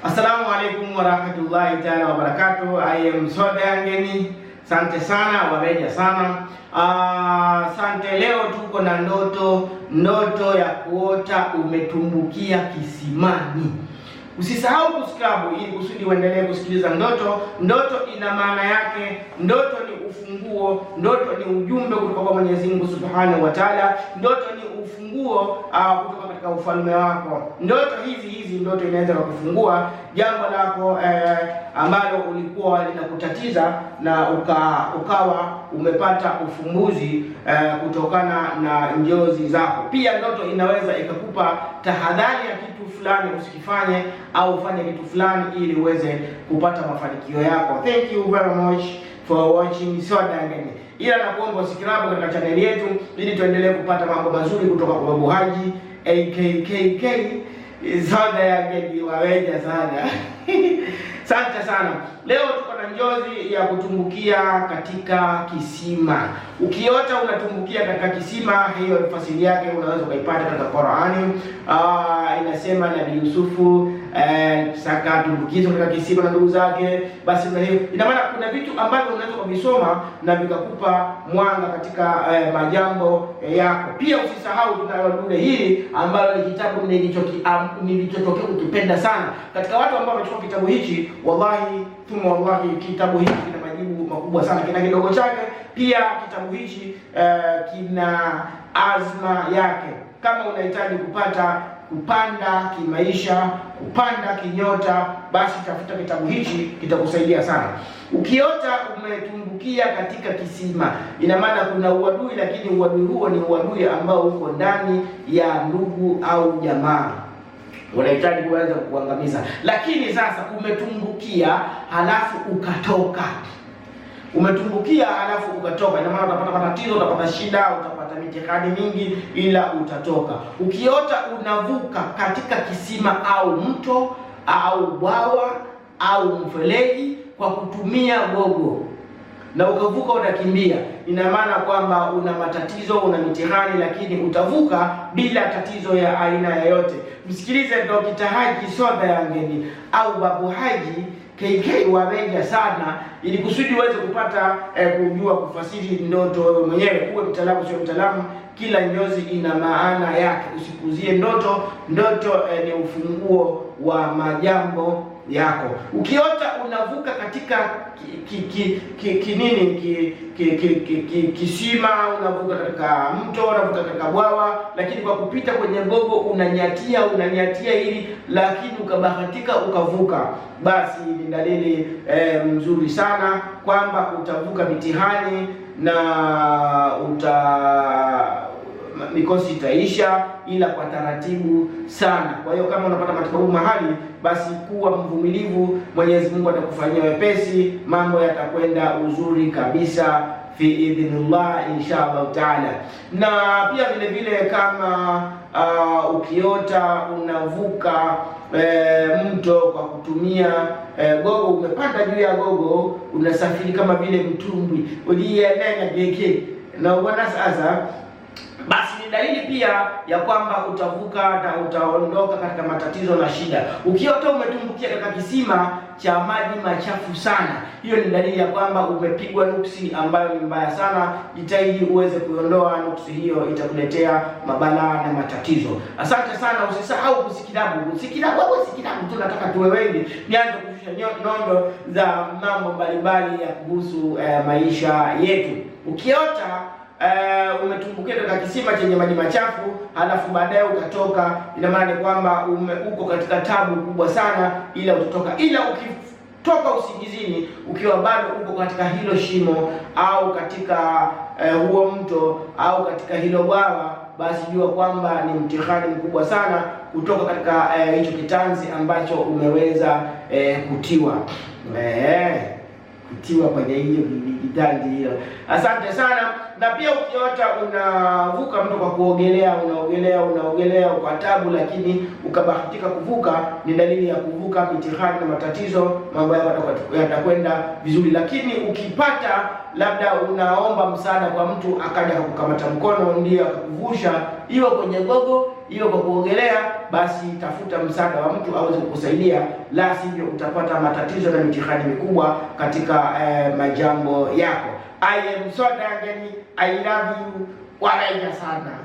Assalamu alaikum warahmatullahi taala wabarakatuh I am Sode Angeni. Sante sana wabeja sana. Uh, ah, sante. Leo tuko na ndoto, ndoto ya kuota umetumbukia kisimani. Usisahau kusubscribe ili kusudi uendelee kusikiliza ndoto. Ndoto ina maana yake, ndoto ufunguo, ndoto ni ujumbe kutoka kwa Mwenyezi Mungu Subhanahu wa Ta'ala, ndoto ni ufunguo uh, kutoka katika ufalme wako. Ndoto hizi hizi, ndoto inaweza kukufungua jambo lako uh, ambalo ulikuwa linakutatiza na uka, ukawa umepata ufumbuzi eh, kutokana na njozi zako. Pia ndoto inaweza ikakupa tahadhari ya kitu fulani usikifanye au ufanye kitu fulani ili uweze kupata mafanikio yako. Thank you very much for watching Soda Ngeni, ila nakuomba usikirabu katika chaneli yetu ili tuendelee kupata mambo mazuri kutoka kwa Babu Haji AKKK soda yake kiwaweja sana. Asante sana. Leo tuko na njozi ya kutumbukia katika kisima. Ukiota unatumbukia katika kisima, hiyo tafsiri yake unaweza ukaipata katika Qur'ani. Ah, inasema Nabii Yusufu eh, saka tumbukizo katika kisima na ndugu zake, basi na hiyo ina maana kuna vitu ambavyo unaweza kuvisoma na vikakupa mwanga katika eh, majambo eh, yako. Pia usisahau dude hili ambalo ni kitabu nilichotokea kukipenda sana. Katika watu ambao wamechukua kitabu hichi, wallahi thumma wallahi, kitabu hiki kina majibu makubwa sana, kina kidogo chake. Pia kitabu hichi eh, kina azma yake, kama unahitaji kupata kupanda kimaisha kupanda kinyota, basi tafuta kitabu hichi, kitakusaidia sana. Ukiota umetumbukia katika kisima, ina maana kuna uadui, lakini uadui huo ni uadui ambao uko ndani ya ndugu au jamaa unahitaji kuanza kuangamiza, lakini sasa umetumbukia, halafu ukatoka umetumbukia alafu ukatoka, ina maana utapata matatizo, utapata shida, utapata mitihani mingi, ila utatoka. Ukiota unavuka katika kisima au mto au bwawa au mfereji kwa kutumia gogo na ukavuka unakimbia, ina maana kwamba una matatizo, una mitihani, lakini utavuka bila tatizo ya aina yoyote. Msikilize Dokta Haji Soda Yangeni au Babu Haji KK wamenda sana, ili kusudi uweze kupata eh, kujua kufasiri ndoto wewe mwenyewe. Uwe mtaalamu, sio mtaalamu, kila nyozi ina maana yake. usikuzie ndoto. Ndoto eh, ni ufunguo wa majambo yako. Ukiota unavuka katika kinini kisima, unavuka katika mto, unavuka katika bwawa, lakini kwa kupita kwenye gogo unanyatia unanyatia hili, lakini ukabahatika ukavuka, basi ni dalili eh, mzuri sana kwamba utavuka mitihani na uta mikosi itaisha, ila kwa taratibu sana. Kwa hiyo kama unapata matibabu mahali, basi kuwa mvumilivu, Mwenyezi Mungu atakufanyia wepesi, mambo yatakwenda uzuri kabisa fi idhnillah, insha Allah taala. Na pia vile vile kama uh, ukiota unavuka E, mto kwa kutumia e, gogo umepanda juu ya gogo unasafiri kama vile mtumbwi uliyenena geke na uona sasa basi ni dalili pia ya kwamba utavuka na utaondoka katika matatizo na shida. Ukiota umetumbukia katika kisima cha maji machafu sana, hiyo ni dalili ya kwamba umepigwa nuksi ambayo ni mbaya sana. Jitahidi uweze kuondoa nuksi hiyo, itakuletea mabalaa na matatizo. Asante sana, usisahau kusikilabu usikilabu au usikilabu tu, nataka tuwe wengi, nianze kushusha nondo za mambo mbalimbali ya kuhusu eh, maisha yetu. Ukiota uh, umetumbukia katika kisima chenye maji machafu halafu baadaye ukatoka, ina maana ni kwamba uko katika tabu kubwa sana, ila utatoka. Ila ukitoka usingizini ukiwa bado uko katika hilo shimo au katika uh, huo mto au katika hilo bwawa, basi jua kwamba ni mtihani mkubwa sana kutoka katika eh, hicho uh, kitanzi ambacho umeweza uh, kutiwa uh, kutiwa kwenye hiyo kitanzi hiyo. Asante sana na pia ukiota unavuka mtu kwa kuogelea, unaogelea unaogelea kwa tabu, lakini ukabahatika kuvuka, ni dalili ya kuvuka mitihani na matatizo, mambo yako yatakwenda vizuri. Lakini ukipata labda unaomba msaada kwa mtu akaja kukamata mkono, ndiyo akakuvusha, iwe kwenye gogo, iwe kwa kuogelea, basi tafuta msaada wa mtu aweze kukusaidia, la sivyo utapata matatizo na mitihani mikubwa katika eh, majambo yako. I am so dangani, I love you, waraija sana.